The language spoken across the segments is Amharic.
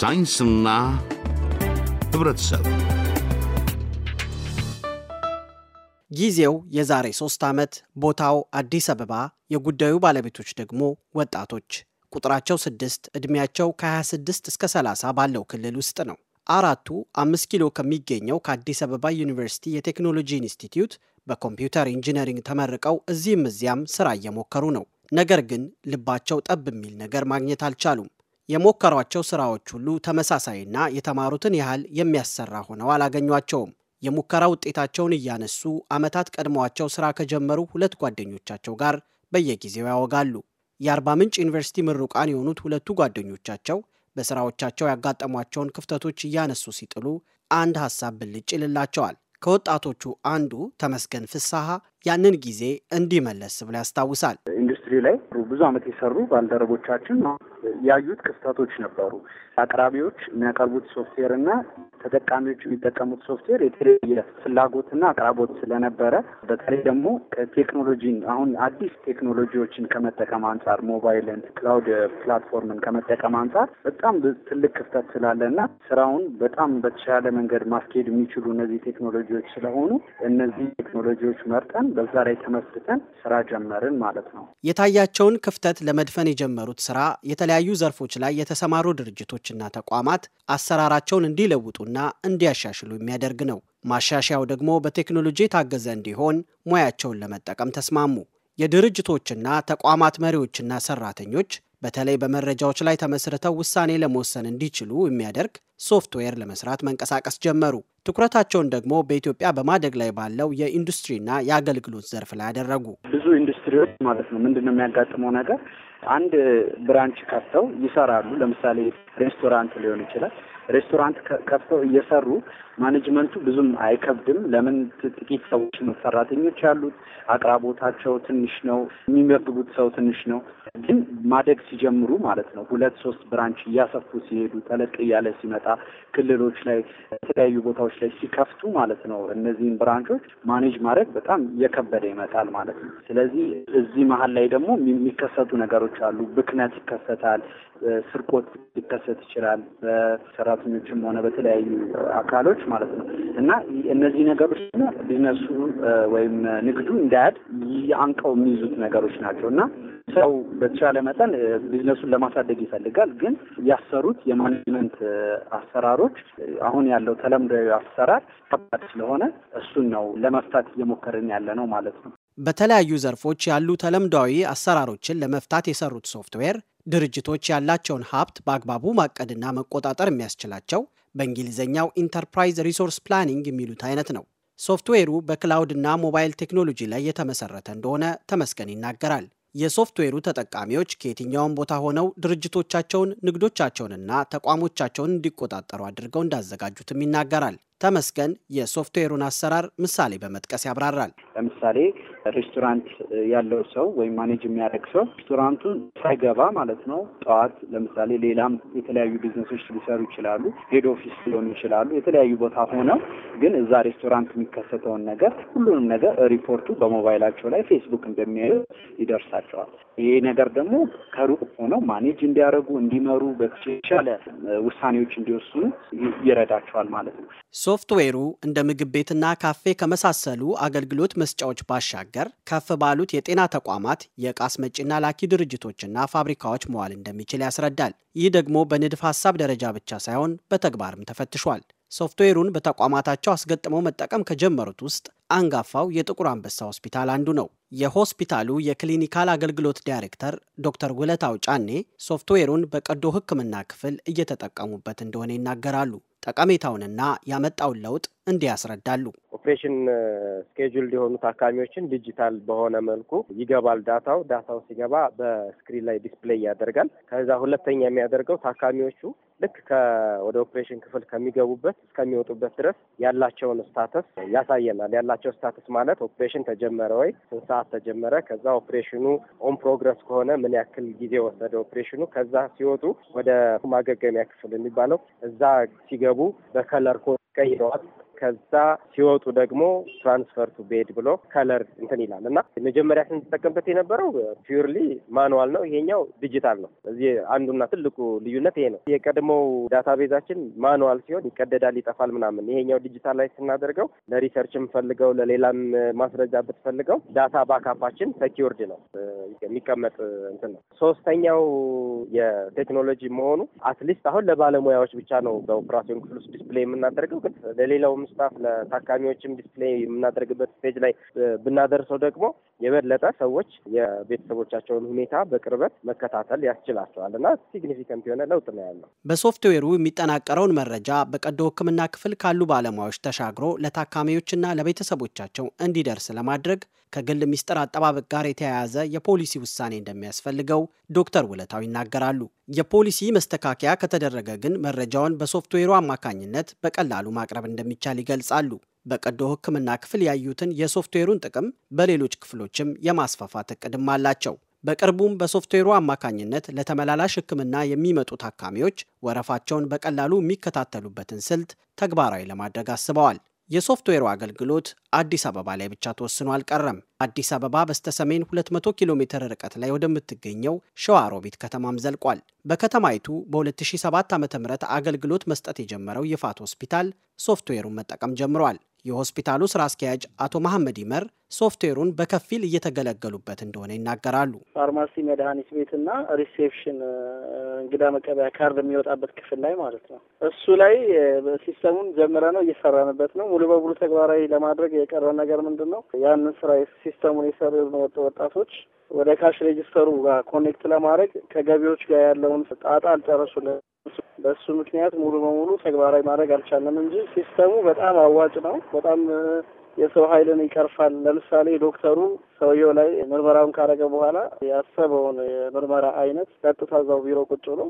ሳይንስና ህብረተሰብ ጊዜው የዛሬ ሶስት ዓመት፣ ቦታው አዲስ አበባ፣ የጉዳዩ ባለቤቶች ደግሞ ወጣቶች ቁጥራቸው ስድስት ዕድሜያቸው ከ26 እስከ 30 ባለው ክልል ውስጥ ነው። አራቱ አምስት ኪሎ ከሚገኘው ከአዲስ አበባ ዩኒቨርሲቲ የቴክኖሎጂ ኢንስቲትዩት በኮምፒውተር ኢንጂነሪንግ ተመርቀው እዚህም እዚያም ስራ እየሞከሩ ነው። ነገር ግን ልባቸው ጠብ የሚል ነገር ማግኘት አልቻሉም። የሞከሯቸው ስራዎች ሁሉ ተመሳሳይና የተማሩትን ያህል የሚያሰራ ሆነው አላገኟቸውም። የሙከራ ውጤታቸውን እያነሱ ዓመታት ቀድመዋቸው ስራ ከጀመሩ ሁለት ጓደኞቻቸው ጋር በየጊዜው ያወጋሉ። የአርባ ምንጭ ዩኒቨርሲቲ ምሩቃን የሆኑት ሁለቱ ጓደኞቻቸው በስራዎቻቸው ያጋጠሟቸውን ክፍተቶች እያነሱ ሲጥሉ አንድ ሀሳብ ብልጭ ይልላቸዋል። ከወጣቶቹ አንዱ ተመስገን ፍሳሐ ያንን ጊዜ እንዲህ መለስ ብሎ ያስታውሳል። July ብዙ ዓመት የሰሩ ባልደረቦቻችን ያዩት ክፍተቶች ነበሩ። አቅራቢዎች የሚያቀርቡት ሶፍትዌር እና ተጠቃሚዎች የሚጠቀሙት ሶፍትዌር የተለየ ፍላጎትና አቅራቦት ስለነበረ በተለይ ደግሞ ከቴክኖሎጂን አሁን አዲስ ቴክኖሎጂዎችን ከመጠቀም አንጻር ሞባይልን፣ ክላውድ ፕላትፎርምን ከመጠቀም አንጻር በጣም ትልቅ ክፍተት ስላለና ስራውን በጣም በተሻለ መንገድ ማስኬድ የሚችሉ እነዚህ ቴክኖሎጂዎች ስለሆኑ እነዚህ ቴክኖሎጂዎች መርጠን በዛ ላይ ተመስርተን ስራ ጀመርን ማለት ነው የታያቸው ያለውን ክፍተት ለመድፈን የጀመሩት ስራ የተለያዩ ዘርፎች ላይ የተሰማሩ ድርጅቶችና ተቋማት አሰራራቸውን እንዲለውጡና እንዲያሻሽሉ የሚያደርግ ነው። ማሻሻያው ደግሞ በቴክኖሎጂ የታገዘ እንዲሆን ሙያቸውን ለመጠቀም ተስማሙ። የድርጅቶችና ተቋማት መሪዎችና ሰራተኞች በተለይ በመረጃዎች ላይ ተመስርተው ውሳኔ ለመወሰን እንዲችሉ የሚያደርግ ሶፍትዌር ለመስራት መንቀሳቀስ ጀመሩ። ትኩረታቸውን ደግሞ በኢትዮጵያ በማደግ ላይ ባለው የኢንዱስትሪና የአገልግሎት ዘርፍ ላይ አደረጉ። ብዙ ኢንዱስትሪዎች ማለት ነው ምንድን ነው የሚያጋጥመው ነገር አንድ ብራንች ከፍተው ይሰራሉ። ለምሳሌ ሬስቶራንት ሊሆን ይችላል። ሬስቶራንት ከፍተው እየሰሩ ማኔጅመንቱ ብዙም አይከብድም። ለምን ጥቂት ሰዎች ሰራተኞች ያሉት፣ አቅራቦታቸው ትንሽ ነው፣ የሚመግቡት ሰው ትንሽ ነው። ግን ማደግ ሲጀምሩ ማለት ነው ሁለት ሶስት ብራንች እያሰፉ ሲሄዱ ተለቅ እያለ ሲመጣ ክልሎች ላይ የተለያዩ ቦታዎች ላይ ሲከፍቱ ማለት ነው እነዚህን ብራንቾች ማኔጅ ማድረግ በጣም እየከበደ ይመጣል ማለት ነው። ስለዚህ እዚህ መሀል ላይ ደግሞ የሚከሰቱ ነገሮች አሉ። ብክነት ይከሰታል፣ ስርቆት ሊከሰት ይችላል። በሰራተኞችም ሆነ በተለያዩ አካሎች ማለት ነው እና እነዚህ ነገሮች ቢዝነሱ ወይም ንግዱ እንዳያድ አንቀው የሚይዙት ነገሮች ናቸው እና ሰው በተቻለ መጠን ቢዝነሱን ለማሳደግ ይፈልጋል። ግን ያሰሩት የማኔጅመንት አሰራሮች አሁን ያለው ተለምዳዊ አሰራር ከባድ ስለሆነ እሱን ነው ለመፍታት እየሞከርን ያለ ነው ማለት ነው። በተለያዩ ዘርፎች ያሉ ተለምዳዊ አሰራሮችን ለመፍታት የሰሩት ሶፍትዌር ድርጅቶች ያላቸውን ሀብት በአግባቡ ማቀድና መቆጣጠር የሚያስችላቸው በእንግሊዝኛው ኢንተርፕራይዝ ሪሶርስ ፕላኒንግ የሚሉት አይነት ነው። ሶፍትዌሩ በክላውድ እና ሞባይል ቴክኖሎጂ ላይ የተመሰረተ እንደሆነ ተመስገን ይናገራል። የሶፍትዌሩ ተጠቃሚዎች ከየትኛውም ቦታ ሆነው ድርጅቶቻቸውን፣ ንግዶቻቸውንና ተቋሞቻቸውን እንዲቆጣጠሩ አድርገው እንዳዘጋጁትም ይናገራል። ተመስገን የሶፍትዌሩን አሰራር ምሳሌ በመጥቀስ ያብራራል። ለምሳሌ ሬስቶራንት ያለው ሰው ወይም ማኔጅ የሚያደርግ ሰው ሬስቶራንቱን ሳይገባ ማለት ነው ጠዋት ለምሳሌ ሌላም የተለያዩ ቢዝነሶች ሊሰሩ ይችላሉ፣ ሄድ ኦፊስ ሊሆኑ ይችላሉ። የተለያዩ ቦታ ሆነው ግን እዛ ሬስቶራንት የሚከሰተውን ነገር ሁሉንም ነገር ሪፖርቱ በሞባይላቸው ላይ ፌስቡክ እንደሚያዩ ይደርሳቸዋል። ይሄ ነገር ደግሞ ከሩቅ ሆነው ማኔጅ እንዲያደርጉ እንዲመሩ በተቻለ ውሳኔዎች እንዲወስኑ ይረዳቸዋል ማለት ነው። ሶፍትዌሩ እንደ ምግብ ቤትና ካፌ ከመሳሰሉ አገልግሎት መስጫዎች ባሻገር ከፍ ባሉት የጤና ተቋማት የዕቃ አስመጪና ላኪ ድርጅቶችና ፋብሪካዎች መዋል እንደሚችል ያስረዳል። ይህ ደግሞ በንድፍ ሀሳብ ደረጃ ብቻ ሳይሆን በተግባርም ተፈትሿል። ሶፍትዌሩን በተቋማታቸው አስገጥመው መጠቀም ከጀመሩት ውስጥ አንጋፋው የጥቁር አንበሳ ሆስፒታል አንዱ ነው። የሆስፒታሉ የክሊኒካል አገልግሎት ዳይሬክተር ዶክተር ውለታው ጫኔ ሶፍትዌሩን በቀዶ ሕክምና ክፍል እየተጠቀሙበት እንደሆነ ይናገራሉ። ጠቀሜታውንና ያመጣውን ለውጥ እንዲህ ያስረዳሉ። ኦፕሬሽን ስኬጁል የሆኑ ታካሚዎችን ዲጂታል በሆነ መልኩ ይገባል ዳታው። ዳታው ሲገባ በስክሪን ላይ ዲስፕሌይ ያደርጋል። ከዛ ሁለተኛ የሚያደርገው ታካሚዎቹ ልክ ወደ ኦፕሬሽን ክፍል ከሚገቡበት እስከሚወጡበት ድረስ ያላቸውን ስታተስ ያሳየናል። ያላቸው ስታተስ ማለት ኦፕሬሽን ተጀመረ ወይ፣ ስንት ሰዓት ተጀመረ፣ ከዛ ኦፕሬሽኑ ኦን ፕሮግረስ ከሆነ ምን ያክል ጊዜ ወሰደ ኦፕሬሽኑ፣ ከዛ ሲወጡ ወደ ማገገሚያ ክፍል የሚባለው እዛ ሲገቡ በከለር ኮድ ቀይረዋል ከዛ ሲወጡ ደግሞ ትራንስፈር ቱ ቤድ ብሎ ከለር እንትን ይላል እና መጀመሪያ ስንጠቀምበት የነበረው ፒውርሊ ማኑዋል ነው። ይሄኛው ዲጂታል ነው። እዚህ አንዱና ትልቁ ልዩነት ይሄ ነው። የቀድሞው ዳታቤዛችን ማኑዋል ሲሆን ይቀደዳል፣ ይጠፋል ምናምን። ይሄኛው ዲጂታል ላይ ስናደርገው ለሪሰርች የምፈልገው ለሌላም ማስረጃ ብትፈልገው ዳታ ባካፓችን ሰኪውርድ ነው፣ የሚቀመጥ እንትን ነው። ሶስተኛው የቴክኖሎጂ መሆኑ አትሊስት አሁን ለባለሙያዎች ብቻ ነው በኦፕራሲዮን ክፍል ውስጥ ዲስፕሌይ የምናደርገው፣ ግን ለሌላውም ስታፍ ለታካሚዎችም ዲስፕሌይ የምናደርግበት ስቴጅ ላይ ብናደርሰው ደግሞ የበለጠ ሰዎች የቤተሰቦቻቸውን ሁኔታ በቅርበት መከታተል ያስችላቸዋል እና ሲግኒፊካንት የሆነ ለውጥ ነው ያለው። በሶፍትዌሩ የሚጠናቀረውን መረጃ በቀዶ ሕክምና ክፍል ካሉ ባለሙያዎች ተሻግሮ ለታካሚዎችና ለቤተሰቦቻቸው እንዲደርስ ለማድረግ ከግል ሚስጥር አጠባበቅ ጋር የተያያዘ የፖሊሲ ውሳኔ እንደሚያስፈልገው ዶክተር ውለታው ይናገራሉ። የፖሊሲ መስተካከያ ከተደረገ ግን መረጃውን በሶፍትዌሩ አማካኝነት በቀላሉ ማቅረብ እንደሚቻል እንደሚቻል ይገልጻሉ። በቀዶ ሕክምና ክፍል ያዩትን የሶፍትዌሩን ጥቅም በሌሎች ክፍሎችም የማስፋፋት እቅድም አላቸው። በቅርቡም በሶፍትዌሩ አማካኝነት ለተመላላሽ ሕክምና የሚመጡ ታካሚዎች ወረፋቸውን በቀላሉ የሚከታተሉበትን ስልት ተግባራዊ ለማድረግ አስበዋል። የሶፍትዌሩ አገልግሎት አዲስ አበባ ላይ ብቻ ተወስኖ አልቀረም። አዲስ አበባ በስተሰሜን 200 ኪሎ ሜትር ርቀት ላይ ወደምትገኘው ሸዋሮቢት ከተማም ዘልቋል። በከተማይቱ በ2007 ዓ ም አገልግሎት መስጠት የጀመረው ይፋት ሆስፒታል ሶፍትዌሩን መጠቀም ጀምሯል። የሆስፒታሉ ስራ አስኪያጅ አቶ መሐመድ ይመር ሶፍትዌሩን በከፊል እየተገለገሉበት እንደሆነ ይናገራሉ። ፋርማሲ፣ መድኃኒት ቤትና ሪሴፕሽን እንግዳ መቀበያ ካርድ የሚወጣበት ክፍል ላይ ማለት ነው። እሱ ላይ ሲስተሙን ጀምረ ነው እየሰራንበት ነው። ሙሉ በሙሉ ተግባራዊ ለማድረግ የቀረ ነገር ምንድን ነው? ያንን ስራ ሲስተሙን የሰሩ ወጣቶች ወደ ካሽ ሬጅስተሩ ጋር ኮኔክት ለማድረግ ከገቢዎች ጋር ያለውን ጣጣ አልጨረሱልን በእሱ ምክንያት ሙሉ በሙሉ ተግባራዊ ማድረግ አልቻለም እንጂ ሲስተሙ በጣም አዋጭ ነው። በጣም የሰው ኃይልን ይቀርፋል። ለምሳሌ ዶክተሩ ሰውየው ላይ ምርመራውን ካረገ በኋላ ያሰበውን የምርመራ አይነት ቀጥታ እዛው ቢሮ ቁጭ ብሎ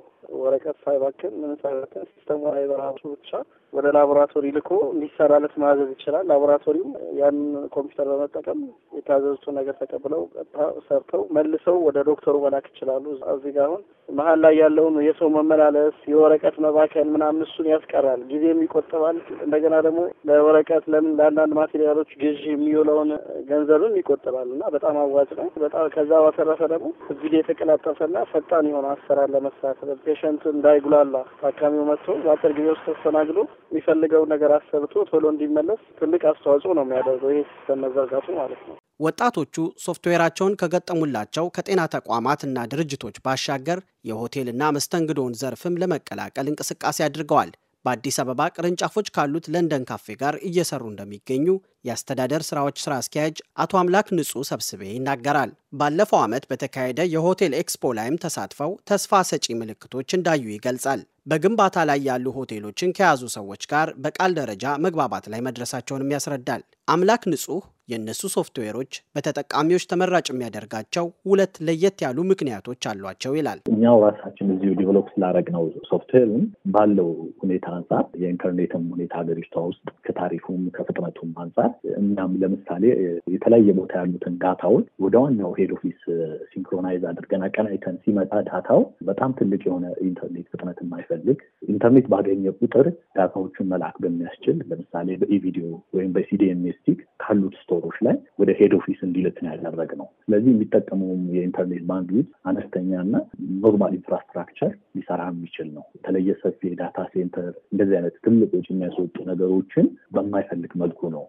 ወረቀት ሳይባክን ምን ሳይባክን ሲስተሙ ላይ በራሱ ብቻ ወደ ላቦራቶሪ ልኮ እንዲሰራለት ማዘዝ ይችላል። ላቦራቶሪም ያን ኮምፒውተር በመጠቀም የታዘዙትን ነገር ተቀብለው ቀጥታ ሰርተው መልሰው ወደ ዶክተሩ መላክ ይችላሉ። እዚህ ጋር አሁን መሀል ላይ ያለውን የሰው መመላለስ፣ የወረቀት መባከን ምናምን እሱን ያስቀራል፣ ጊዜም ይቆጥባል። እንደገና ደግሞ ለወረቀት ለምን ለአንዳንድ ማቴሪያሎች ግዢ የሚውለውን ገንዘብም ይቆጥባል እና በጣም አዋጭ ነው። በጣም ከዛ ባተረፈ ደግሞ እዚህ የተቀላጠፈና ፈጣን የሆነ አሰራር ለመስራት ፔሸንት እንዳይጉላላ ታካሚው መጥቶ በአጭር ጊዜ ውስጥ ተስተናግዶ የሚፈልገው ነገር አሰብቶ ቶሎ እንዲመለስ ትልቅ አስተዋጽኦ ነው የሚያደርገው ይህ ሲስተም መዘርጋቱ ማለት ነው። ወጣቶቹ ሶፍትዌራቸውን ከገጠሙላቸው ከጤና ተቋማት እና ድርጅቶች ባሻገር የሆቴልና መስተንግዶውን ዘርፍም ለመቀላቀል እንቅስቃሴ አድርገዋል። በአዲስ አበባ ቅርንጫፎች ካሉት ለንደን ካፌ ጋር እየሰሩ እንደሚገኙ የአስተዳደር ስራዎች ስራ አስኪያጅ አቶ አምላክ ንጹህ ሰብስቤ ይናገራል። ባለፈው ዓመት በተካሄደ የሆቴል ኤክስፖ ላይም ተሳትፈው ተስፋ ሰጪ ምልክቶች እንዳዩ ይገልጻል። በግንባታ ላይ ያሉ ሆቴሎችን ከያዙ ሰዎች ጋር በቃል ደረጃ መግባባት ላይ መድረሳቸውንም ያስረዳል። አምላክ ንጹህ የእነሱ ሶፍትዌሮች በተጠቃሚዎች ተመራጭ የሚያደርጋቸው ሁለት ለየት ያሉ ምክንያቶች አሏቸው ይላል። እኛው ራሳችን እዚሁ ዲቨሎፕ ስላደረግነው ስትልም ባለው ሁኔታ አንጻር የኢንተርኔትም ሁኔታ ሀገሪቷ ውስጥ ከታሪፉም ከፍጥነቱም አንጻር እኛም ለምሳሌ የተለያየ ቦታ ያሉትን ዳታውን ወደ ዋናው ሄድ ኦፊስ ሲንክሮናይዝ አድርገን አቀናይተን ሲመጣ ዳታው በጣም ትልቅ የሆነ ኢንተርኔት ፍጥነት የማይፈልግ ኢንተርኔት ባገኘ ቁጥር ዳታዎቹን መላክ በሚያስችል ለምሳሌ በኢቪዲዮ ወይም በሲዲኤምኤስ ስቲክ ካሉት ስቶሮች ላይ ወደ ሄድ ኦፊስ እንዲልክ ነው ነው። ስለዚህ የሚጠቀመውም የኢንተርኔት ባንድዊት አነስተኛ እና ኖርማል ኢንፍራስትራክቸር ሊሰራ የሚችል ነው። የተለየ ሰፊ ዳታ ሴንተር እንደዚህ አይነት ትልቅ ወጪ የሚያስወጡ ነገሮችን በማይፈልግ መልኩ ነው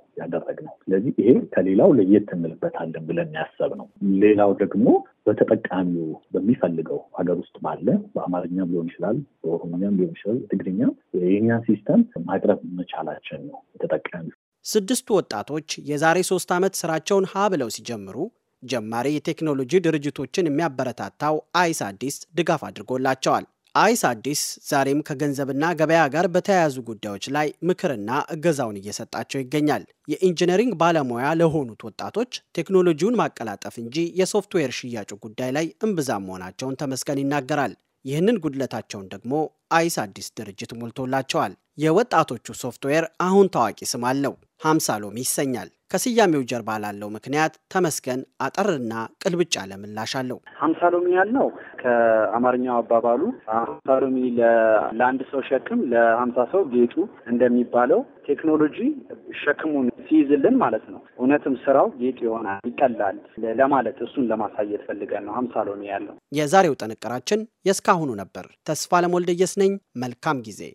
ነው። ስለዚህ ይሄ ከሌላው ለየት እንልበታለን ብለን ያሰብ ነው። ሌላው ደግሞ በተጠቃሚው በሚፈልገው ሀገር ውስጥ ባለ በአማርኛም ሊሆን ይችላል፣ በኦሮሞኛም ሊሆን ይችላል፣ ትግርኛ የኛ ሲስተም ማቅረብ መቻላችን ነው። የተጠቃሚ ስድስቱ ወጣቶች የዛሬ ሶስት ዓመት ስራቸውን ሀ ብለው ሲጀምሩ ጀማሪ የቴክኖሎጂ ድርጅቶችን የሚያበረታታው አይስ አዲስ ድጋፍ አድርጎላቸዋል። አይስ አዲስ ዛሬም ከገንዘብና ገበያ ጋር በተያያዙ ጉዳዮች ላይ ምክርና እገዛውን እየሰጣቸው ይገኛል። የኢንጂነሪንግ ባለሙያ ለሆኑት ወጣቶች ቴክኖሎጂውን ማቀላጠፍ እንጂ የሶፍትዌር ሽያጩ ጉዳይ ላይ እምብዛም መሆናቸውን ተመስገን ይናገራል። ይህንን ጉድለታቸውን ደግሞ አይስ አዲስ ድርጅት ሞልቶላቸዋል። የወጣቶቹ ሶፍትዌር አሁን ታዋቂ ስም አለው። ሀምሳ ሎሚ ይሰኛል። ከስያሜው ጀርባ ላለው ምክንያት ተመስገን አጠርና ቅልብጭ ለምላሽ አለው። ሀምሳ ሎሚ ያልነው ከአማርኛው አባባሉ ሀምሳ ሎሚ ለአንድ ሰው ሸክም ለሀምሳ ሰው ጌጡ እንደሚባለው ቴክኖሎጂ ሸክሙን ሲይዝልን ማለት ነው። እውነትም ስራው ጌጥ ይሆናል፣ ይቀላል ለማለት እሱን ለማሳየት ፈልገን ነው ሀምሳ ሎሚ ያለው። የዛሬው ጥንቅራችን የእስካሁኑ ነበር። ተስፋ ለሞልደየስ ነኝ። መልካም ጊዜ